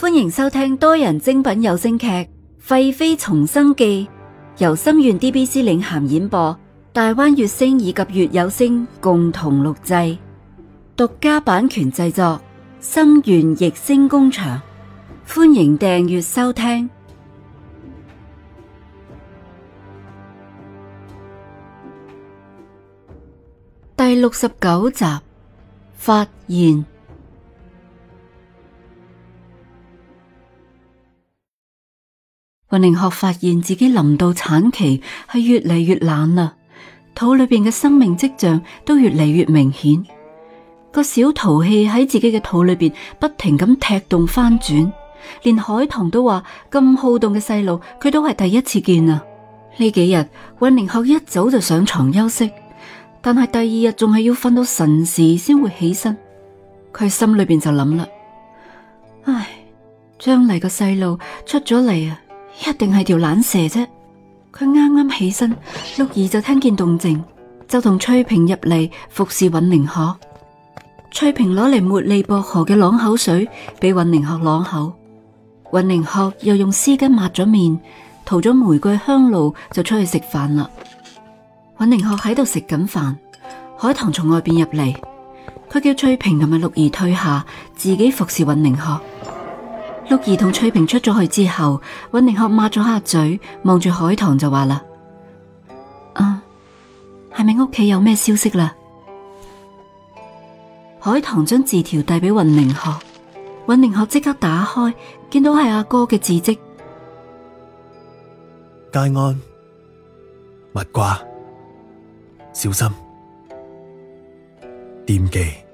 歡迎收聽多人精品有聲劇《廢妃重生記》，由心願 DBC 領銜演播，大灣月星以及月有聲共同錄製，獨家版權製作，心願逸星工場。歡迎訂閱收聽第六十九集，發現。雲玲鶴發現自己臨到產期係越嚟越懶啦，肚裏邊嘅生命跡象都越嚟越明顯，個小淘氣喺自己嘅肚裏邊不停咁踢動翻轉，連海棠都話咁好動嘅細路佢都係第一次見啊！呢幾日雲玲鶴一早就上床休息，但係第二日仲係要瞓到神時先會起身，佢心裏邊就諗啦：唉，將嚟個細路出咗嚟啊！一定係條懶蛇啫！佢啱啱起身，六兒就聽見動靜，就同翠萍入嚟服侍尹寧鶴。翠萍攞嚟茉莉薄荷嘅啷口水，俾尹寧鶴啷口。尹寧鶴又用絲巾抹咗面，塗咗玫瑰香露，就出去食飯啦。尹寧鶴喺度食緊飯，海棠從外邊入嚟，佢叫翠萍同埋六兒退下，自己服侍尹寧鶴。陸兒同翠萍出咗去之後，尹明學抹咗下嘴，望住海棠就話啦：啊，係咪屋企有咩消息啦？海棠將字條遞俾尹明學，尹明學即刻打開，見到係阿哥嘅字跡，皆安，勿掛，小心，惦記。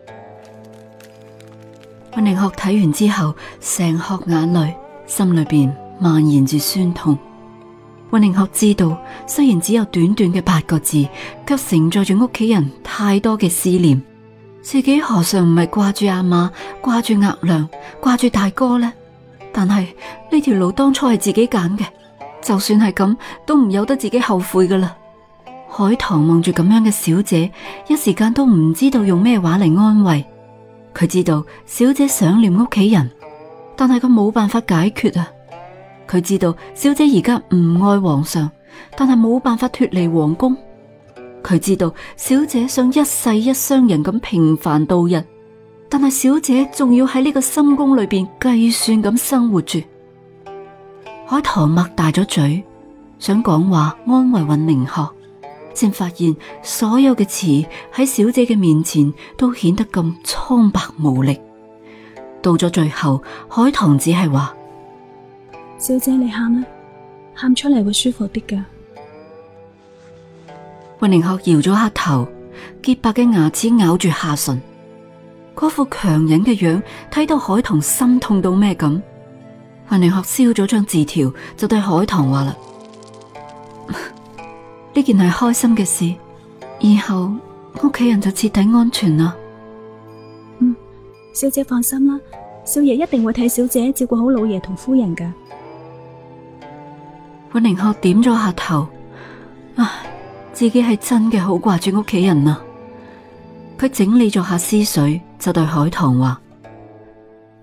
溫寧學睇完之後，成殼眼淚，心裏邊蔓延住酸痛。溫寧學知道，雖然只有短短嘅八個字，卻承載住屋企人太多嘅思念。自己何嘗唔係掛住阿媽、掛住額娘、掛住大哥呢？但係呢條路當初係自己揀嘅，就算係咁，都唔由得自己後悔噶啦。海棠望住咁樣嘅小姐，一時間都唔知道用咩話嚟安慰。佢知道小姐想念屋企人，但係佢冇辦法解決啊！佢知道小姐而家唔愛皇上，但係冇辦法脫離皇宮。佢知道小姐想一世一雙人咁平凡度日，但係小姐仲要喺呢個深宮裏邊計算咁生活住。海棠擘大咗嘴，想講話安慰雲寧可。先發現所有嘅詞喺小姐嘅面前都顯得咁蒼白無力。到咗最後，海棠只係話：小姐，你喊啦，喊出嚟會舒服啲噶。雲寧鶴搖咗下頭，潔白嘅牙齒咬住下唇，嗰副強忍嘅樣睇到海棠心痛到咩咁。雲寧鶴燒咗張字條，就對海棠話啦。 呢件係開心嘅事，以後屋企人就徹底安全啦。嗯，小姐放心啦，少爺一定會替小姐照顧好老爺同夫人噶。韋寧鶴點咗下頭，唉，自己係真嘅好掛住屋企人啊。佢整理咗下思緒，就對海棠話：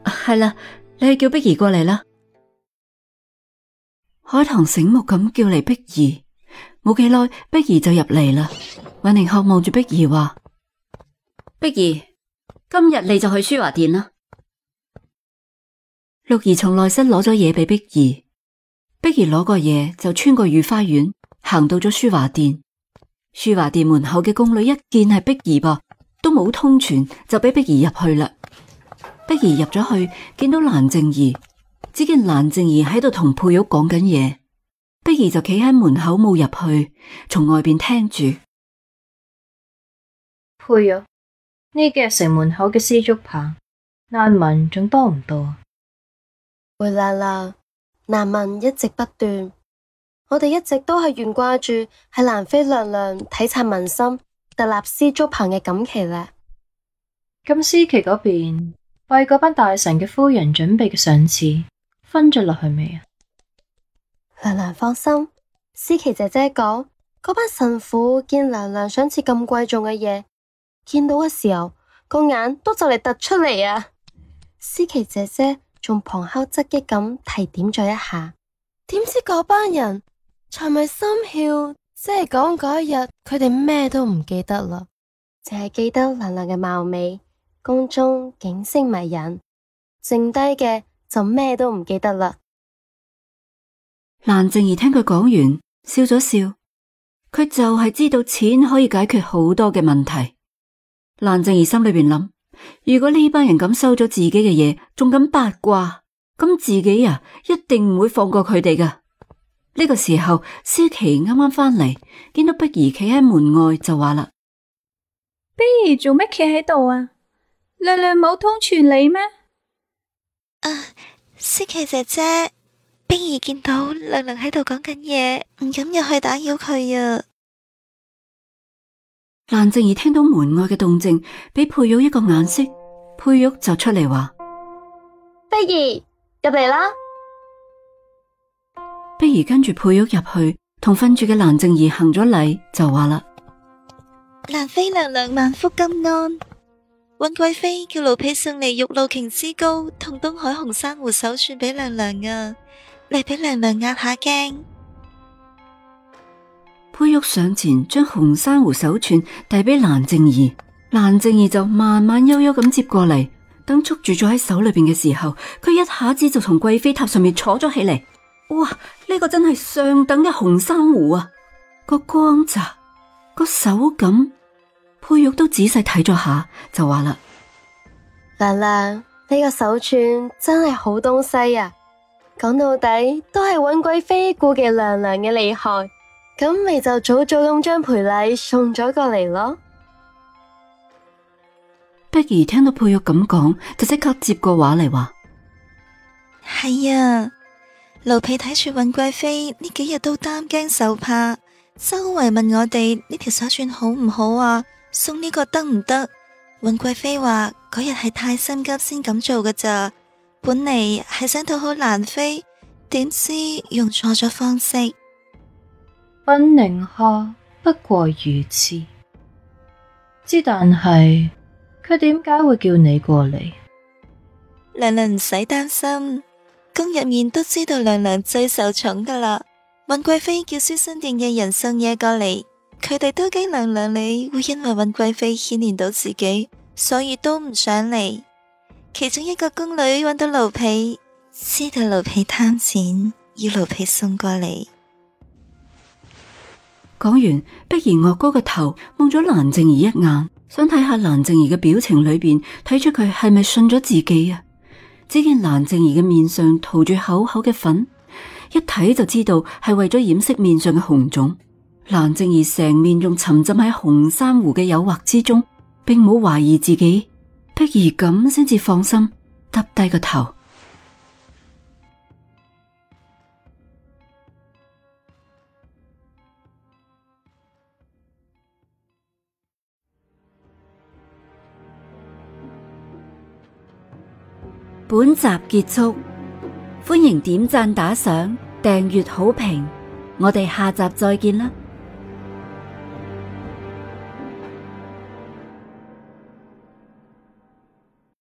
係啦、啊，你去叫碧兒過嚟啦。海棠醒目咁叫嚟碧兒。冇幾耐，碧兒就入嚟啦。婉寧渴望住碧兒話：碧兒今日你就去書華殿啦。陸兒從內室攞咗嘢俾碧兒，碧兒攞個嘢就穿過御花園，行到咗書華殿。書華殿門口嘅宮女一見係碧兒噃，都冇通傳，就俾碧兒入去啦。碧兒入咗去，見到蘭靜兒，只見蘭靜兒喺度同佩玉講緊嘢。不如就企喺門口冇入去，從外邊聽住。佩玉！呢幾日城門口嘅絲竹棚難民仲多唔多啊？回來啦，難民一直不斷，我哋一直都係懸掛住喺蘭妃娘娘體察民心、特立絲竹棚嘅錦旗咧。咁思琪嗰邊為嗰班大臣嘅夫人準備嘅賞賜分咗落去未啊？娘娘放心，思琪姐姐講，嗰班神父見娘娘賞賜咁貴重嘅嘢，見到嘅時候個眼都就嚟突出嚟啊！思琪姐姐仲旁敲側擊咁提點咗一下，點知嗰班人財迷心竅，即係講嗰一日佢哋咩都唔記得啦，淨係記得娘娘嘅貌美，宮中景色迷人，剩低嘅就咩都唔記得啦。蘭靜兒聽佢講完，笑咗笑，佢就係知道錢可以解決好多嘅問題。蘭靜兒心裏邊諗：如果呢班人咁收咗自己嘅嘢，仲咁八卦，咁自己啊一定唔會放過佢哋噶。呢個時候，思琪啱啱翻嚟，見到碧兒企喺門外，就話啦：碧兒做乜企喺度啊？娘娘冇通傳你咩？啊，思琪姐姐。碧兒見到娘娘喺度講緊嘢，唔敢入去打擾佢啊！蘭靜兒聽到門外嘅動靜，俾佩玉一個眼色，佩玉就出嚟話：碧兒入嚟啦！碧兒跟住佩玉入去，同瞓住嘅蘭靜兒行咗禮，就話啦：蘭妃娘娘萬福金安，溫貴妃叫奴婢送嚟玉露瓊枝糕，同東海紅珊瑚手串俾娘娘啊！你俾娘娘壓下驚，佩玉上前將紅珊瑚手串遞俾蘭靜儀，蘭靜儀就慢慢悠悠咁接過嚟。等捉住咗喺手裏邊嘅時候，佢一下子就從貴妃榻上面坐咗起嚟。哇！呢個真係上等嘅紅珊瑚啊，個光澤、個手感，佩玉都仔細睇咗下，就話啦：娘娘呢個手串真係好東西啊！講到底都係尹貴妃顧忌娘娘嘅厲害，咁咪就早早咁將賠禮送咗過嚟咯。碧兒聽到佩玉咁講，就即刻接個話嚟話：係啊，奴婢睇住尹貴妃呢幾日都擔驚受怕，周圍問我哋呢條手串好唔好啊？送呢個得唔得？尹貴妃話嗰日係太心急先咁做㗎咋。本嚟係想討好蘭妃，點知用錯咗方式。溫寧霞不過如此，之但係佢點解會叫你過嚟？娘娘唔使擔心，宮入面都知道娘娘最受寵噶啦。溫貴妃叫舒心殿嘅人送嘢過嚟，佢哋都驚娘娘你會因為溫貴妃牽連到自己，所以都唔想嚟。其中一個宮女揾到奴婢，知道奴婢貪錢，要奴婢送過嚟。講完，碧兒岳高個頭望咗蘭靜兒一眼，想睇下蘭靜兒嘅表情裏邊，睇出佢係咪信咗自己啊？只見蘭靜兒嘅面上塗住厚厚嘅粉，一睇就知道係為咗掩飾面上嘅紅腫。蘭靜兒成面仲沉浸喺紅珊瑚嘅誘惑之中，並冇懷疑自己。不如咁先至放心，耷低個頭。本集結束，歡迎點讚、打賞、訂閱、好評，我哋下集再見啦！